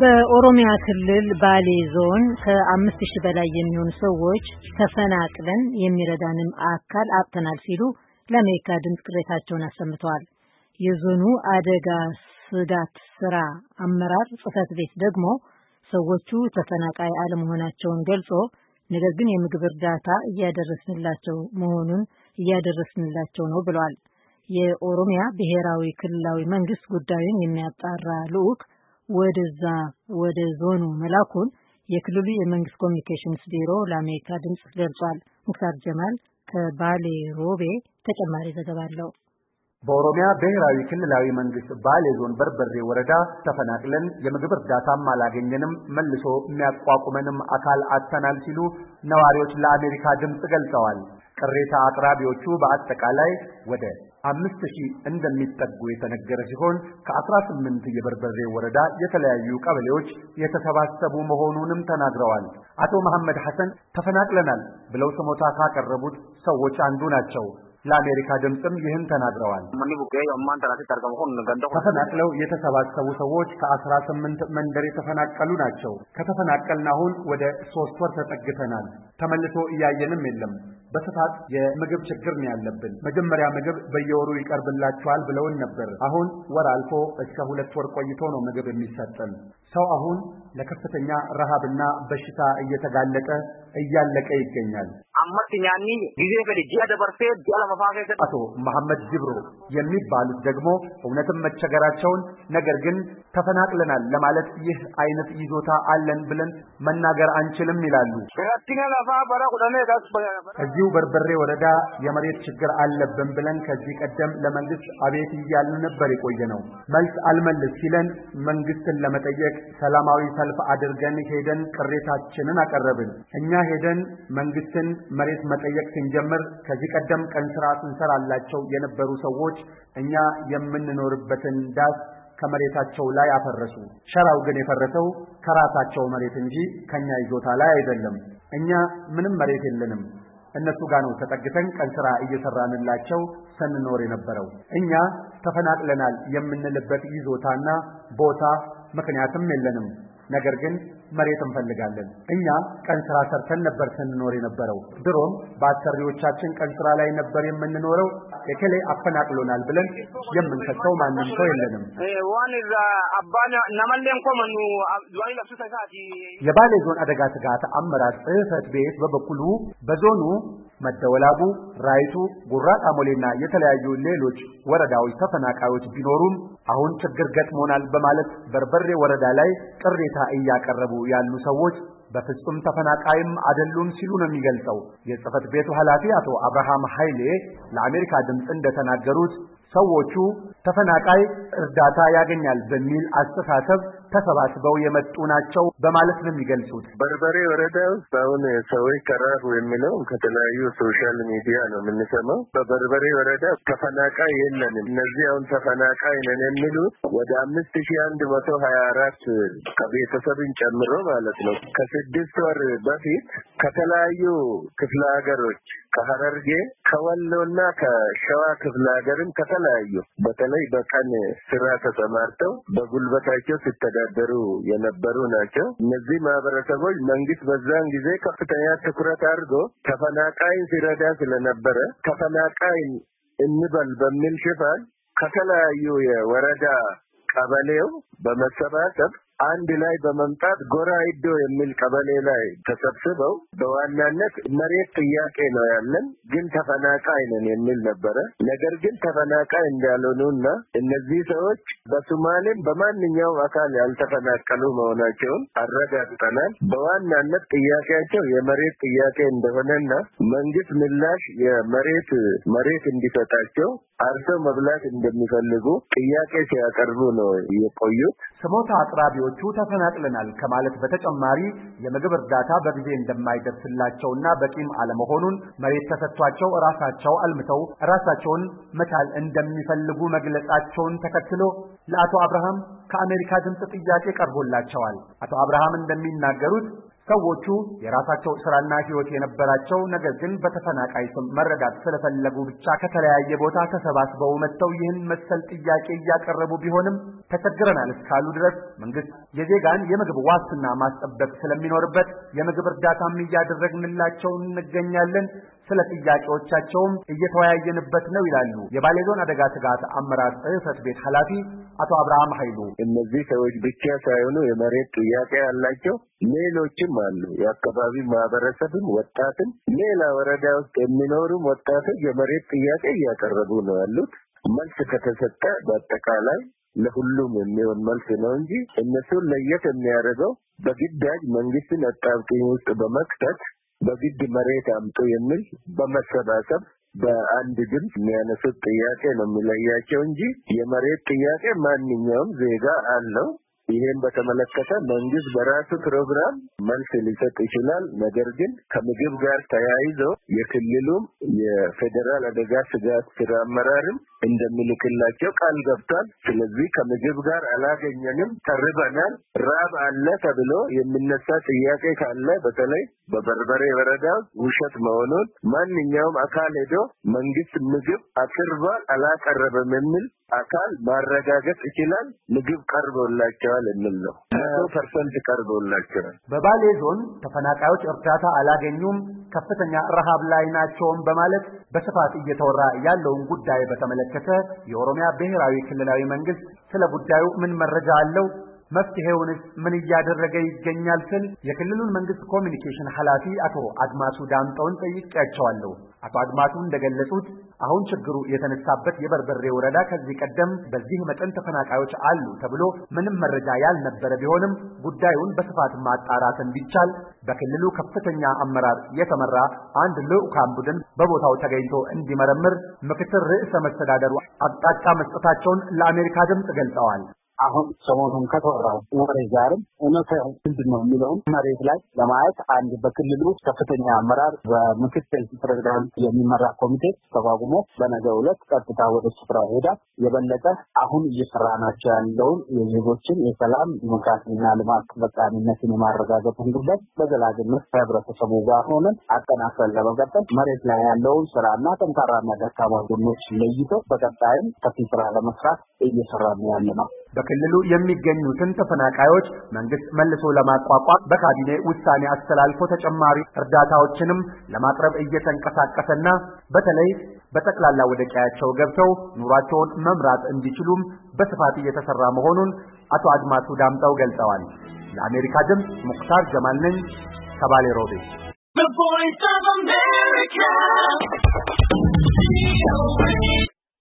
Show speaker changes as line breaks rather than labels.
በኦሮሚያ ክልል ባሌ ዞን ከአምስት ሺህ በላይ የሚሆኑ ሰዎች ተፈናቅለን የሚረዳንም አካል አጥተናል ሲሉ ለአሜሪካ ድምፅ ቅሬታቸውን አሰምተዋል። የዞኑ አደጋ ስጋት ስራ አመራር ጽህፈት ቤት ደግሞ ሰዎቹ ተፈናቃይ አለመሆናቸውን ገልጾ ነገር ግን የምግብ እርዳታ እያደረስንላቸው መሆኑን እያደረስንላቸው ነው ብሏል። የኦሮሚያ ብሔራዊ ክልላዊ መንግስት ጉዳዩን የሚያጣራ ልዑክ ወደዛ ወደ ዞኑ መላኩን የክልሉ የመንግስት ኮሚኒኬሽንስ ቢሮ ለአሜሪካ ድምፅ ገልጿል። ሙክታር ጀማል ከባሌ ሮቤ ተጨማሪ ዘገባ አለው።
በኦሮሚያ ብሔራዊ ክልላዊ መንግስት ባሌ ዞን በርበሬ ወረዳ ተፈናቅለን የምግብ እርዳታም አላገኘንም፣ መልሶ የሚያቋቁመንም አካል አጥተናል ሲሉ ነዋሪዎች ለአሜሪካ ድምፅ ገልጸዋል። ቅሬታ አቅራቢዎቹ በአጠቃላይ ወደ አምስት ሺህ እንደሚጠጉ የተነገረ ሲሆን ከ18 የበርበሬ ወረዳ የተለያዩ ቀበሌዎች የተሰባሰቡ መሆኑንም ተናግረዋል። አቶ መሐመድ ሐሰን ተፈናቅለናል ብለው ስሞታ ካቀረቡት ሰዎች አንዱ ናቸው። ለአሜሪካ ድምፅም ይህን ተናግረዋል። ተፈናቅለው የተሰባሰቡ ሰዎች ከአስራ ስምንት መንደር የተፈናቀሉ ናቸው። ከተፈናቀልን አሁን ወደ ሶስት ወር ተጠግተናል። ተመልሶ እያየንም የለም። በስፋት የምግብ ችግር ነው ያለብን። መጀመሪያ ምግብ በየወሩ ይቀርብላችኋል ብለውን ነበር። አሁን ወር አልፎ እስከ ሁለት ወር ቆይቶ ነው ምግብ የሚሰጠን። ሰው አሁን ለከፍተኛ ረሃብና በሽታ እየተጋለጠ እያለቀ ይገኛል። አቶ መሐመድ ጅብሮ የሚባሉት ደግሞ እውነትም መቸገራቸውን ነገር ግን ተፈናቅለናል ለማለት ይህ አይነት ይዞታ አለን ብለን መናገር አንችልም ይላሉ። እዚሁ በርበሬ ወረዳ የመሬት ችግር አለብን ብለን ከዚህ ቀደም ለመንግስት አቤት እያልን ነበር የቆየ ነው። መልስ አልመልስ ሲለን መንግስትን ለመጠየቅ ሰላማዊ ሰልፍ አድርገን ሄደን ቅሬታችንን አቀረብን። እኛ ሄደን መንግስትን መሬት መጠየቅ ስንጀምር ከዚህ ቀደም ቀን ስራ ስንሰራላቸው የነበሩ ሰዎች እኛ የምንኖርበትን ዳስ ከመሬታቸው ላይ አፈረሱ። ሸራው ግን የፈረሰው ከራሳቸው መሬት እንጂ ከኛ ይዞታ ላይ አይደለም። እኛ ምንም መሬት የለንም። እነሱ ጋር ነው ተጠግተን ቀን ስራ እየሰራንላቸው ስንኖር የነበረው። እኛ ተፈናቅለናል የምንልበት ይዞታና ቦታ ምክንያትም የለንም። ነገር ግን መሬት እንፈልጋለን። እኛ ቀን ስራ ሰርተን ነበር ስንኖር የነበረው። ድሮም በአሰሪዎቻችን ቀን ስራ ላይ ነበር የምንኖረው። የከሌ አፈናቅሎናል ብለን የምንከሰው ማንም ሰው የለንም። የባሌ ዞን አደጋ ስጋት አመራር ጽህፈት ቤት በበኩሉ በዞኑ መደወላቡ፣ ራይቱ፣ ጉራ ቃሞሌና የተለያዩ ሌሎች ወረዳዎች ተፈናቃዮች ቢኖሩም አሁን ችግር ገጥሞናል በማለት በርበሬ ወረዳ ላይ ቅሬታ እያቀረቡ ያሉ ሰዎች በፍጹም ተፈናቃይም አይደሉም ሲሉ ነው የሚገልጸው። የጽህፈት ቤቱ ኃላፊ አቶ አብርሃም ኃይሌ ለአሜሪካ ድምፅ እንደተናገሩት ሰዎቹ ተፈናቃይ እርዳታ ያገኛል በሚል አስተሳሰብ ተሰባስበው የመጡ ናቸው በማለት ነው የሚገልጹት።
በርበሬ ወረዳ ውስጥ አሁን ሰዎች ተራሩ የሚለው ከተለያዩ ሶሻል ሚዲያ ነው የምንሰማው። በበርበሬ ወረዳ ተፈናቃይ የለንም። እነዚህ አሁን ተፈናቃይ ነን የሚሉት ወደ አምስት ሺ አንድ መቶ ሀያ አራት ከቤተሰብን ጨምሮ ማለት ነው ከስድስት ወር በፊት ከተለያዩ ክፍለ ሀገሮች ከሀረርጌ ከወሎና ከሸዋ ክፍለ ሀገርም ከተለያዩ በተለይ በቀን ስራ ተሰማርተው በጉልበታቸው ሲተዳ ሲተዳደሩ የነበሩ ናቸው። እነዚህ ማህበረሰቦች መንግስት በዛን ጊዜ ከፍተኛ ትኩረት አድርጎ ተፈናቃይን ሲረዳ ስለነበረ ተፈናቃይን እንበል በሚል ሽፋን ከተለያዩ የወረዳ ቀበሌው በመሰባሰብ አንድ ላይ በመምጣት ጎራ የሚል ቀበሌ ላይ ተሰብስበው በዋናነት መሬት ጥያቄ ነው ያለን፣ ግን ተፈናቃይ ነን የሚል ነበረ። ነገር ግን ተፈናቃይ እንዳልሆኑና እነዚህ ሰዎች በሱማሌም በማንኛውም አካል ያልተፈናቀሉ መሆናቸውን አረጋግጠናል። በዋናነት ጥያቄያቸው የመሬት ጥያቄ እንደሆነና መንግስት ምላሽ የመሬት መሬት እንዲሰጣቸው አርሰው መብላት እንደሚፈልጉ ጥያቄ ሲያቀርቡ ነው የቆዩት። ስሞታ አቅራቢዎቹ
ተፈናቅለናል ከማለት በተጨማሪ የምግብ እርዳታ በጊዜ እንደማይደርስላቸውና በቂም አለመሆኑን መሬት ተሰጥቷቸው ራሳቸው አልምተው ራሳቸውን መቻል እንደሚፈልጉ መግለጻቸውን ተከትሎ ለአቶ አብርሃም ከአሜሪካ ድምፅ ጥያቄ ቀርቦላቸዋል። አቶ አብርሃም እንደሚናገሩት ሰዎቹ የራሳቸው ስራና ህይወት የነበራቸው ነገር ግን በተፈናቃይ ስም መረዳት ስለፈለጉ ብቻ ከተለያየ ቦታ ተሰባስበው መጥተው ይህን መሰል ጥያቄ እያቀረቡ ቢሆንም ተቸግረናል እስካሉ ድረስ መንግስት የዜጋን የምግብ ዋስትና ማስጠበቅ ስለሚኖርበት የምግብ እርዳታም እያደረግንላቸው እንገኛለን። ስለ ጥያቄዎቻቸውም እየተወያየንበት ነው ይላሉ የባሌዞን አደጋ ስጋት አመራር ጽህፈት ቤት ኃላፊ አቶ አብርሃም
ኃይሉ። እነዚህ ሰዎች ብቻ ሳይሆኑ የመሬት ጥያቄ ያላቸው ሌሎችም አሉ። የአካባቢ ማህበረሰብም፣ ወጣትም ሌላ ወረዳ ውስጥ የሚኖሩም ወጣቶች የመሬት ጥያቄ እያቀረቡ ነው ያሉት። መልስ ከተሰጠ በአጠቃላይ ለሁሉም የሚሆን መልስ ነው እንጂ እነሱን ለየት የሚያደርገው በግዳጅ መንግስትን አጣብቂኝ ውስጥ በመክተት በግድ መሬት አምጡ የሚል በመሰባሰብ በአንድ ድምፅ የሚያነሱት ጥያቄ ነው የሚለያቸው እንጂ የመሬት ጥያቄ ማንኛውም ዜጋ አለው። ይሄን በተመለከተ መንግስት በራሱ ፕሮግራም መልስ ሊሰጥ ይችላል። ነገር ግን ከምግብ ጋር ተያይዞ የክልሉም የፌዴራል አደጋ ስጋት ስራ አመራርም እንደሚልክላቸው ቃል ገብቷል። ስለዚህ ከምግብ ጋር አላገኘንም፣ ተርበናል፣ ራብ አለ ተብሎ የሚነሳ ጥያቄ ካለ በተለይ በበርበሬ ወረዳ ውሸት መሆኑን ማንኛውም አካል ሄዶ መንግስት ምግብ አቅርቧል አላቀረበም የሚል አካል ማረጋገጥ ይችላል። ምግብ ቀርቦላቸዋል። ልንል ነው። መቶ ፐርሰንት ቀርቦላቸዋል።
በባሌ ዞን ተፈናቃዮች እርዳታ አላገኙም፣ ከፍተኛ ረሃብ ላይ ናቸውም በማለት በስፋት እየተወራ ያለውን ጉዳይ በተመለከተ የኦሮሚያ ብሔራዊ ክልላዊ መንግስት ስለ ጉዳዩ ምን መረጃ አለው? መፍትሄውንስ ምን እያደረገ ይገኛል? ስል የክልሉን መንግስት ኮሚኒኬሽን ኃላፊ አቶ አድማሱ ዳምጠውን ጠይቄያቸዋለሁ። አቶ አድማሱ እንደገለጹት አሁን ችግሩ የተነሳበት የበርበሬ ወረዳ ከዚህ ቀደም በዚህ መጠን ተፈናቃዮች አሉ ተብሎ ምንም መረጃ ያልነበረ ቢሆንም ጉዳዩን በስፋት ማጣራት እንዲቻል በክልሉ ከፍተኛ አመራር የተመራ አንድ ልዑካን ቡድን በቦታው ተገኝቶ እንዲመረምር ምክትል ርዕሰ መስተዳደሩ አቅጣጫ መስጠታቸውን ለአሜሪካ ድምፅ ገልጸዋል። አሁን ሰሞኑን ከተወራው ወሬ ጋርም እውነታው ምንድን ነው የሚለውን መሬት ላይ ለማየት አንድ በክልሉ ከፍተኛ አመራር በምክትል ፕሬዚዳንት የሚመራ ኮሚቴ ተቋቁሞ በነገ ዕለት ቀጥታ ወደ ስፍራ ሄዳ የበለጠ አሁን እየሰራ ናቸው ያለውን የዜጎችን የሰላም ዲሞክራሲና ልማት ተጠቃሚነትን የማረጋገጡን ጉዳይ በዘላቂነት ከህብረተሰቡ ጋር ሆነን አጠናክረን ለመቀጠል መሬት ላይ ያለውን ስራና ጠንካራና ደካማ ጎኖች ለይቶ በቀጣይም ከፊት ስራ ለመስራት እየሰራ ያለ ነው። በክልሉ የሚገኙትን ተፈናቃዮች መንግስት መልሶ ለማቋቋም በካቢኔ ውሳኔ አስተላልፎ ተጨማሪ እርዳታዎችንም ለማቅረብ እየተንቀሳቀሰና በተለይ በጠቅላላ ወደ ቀያቸው ገብተው ኑሯቸውን መምራት እንዲችሉም በስፋት እየተሰራ መሆኑን አቶ አድማሱ ዳምጠው ገልጸዋል። ለአሜሪካ ድምፅ ሙክታር ጀማል ነኝ ከባሌ ሮቤ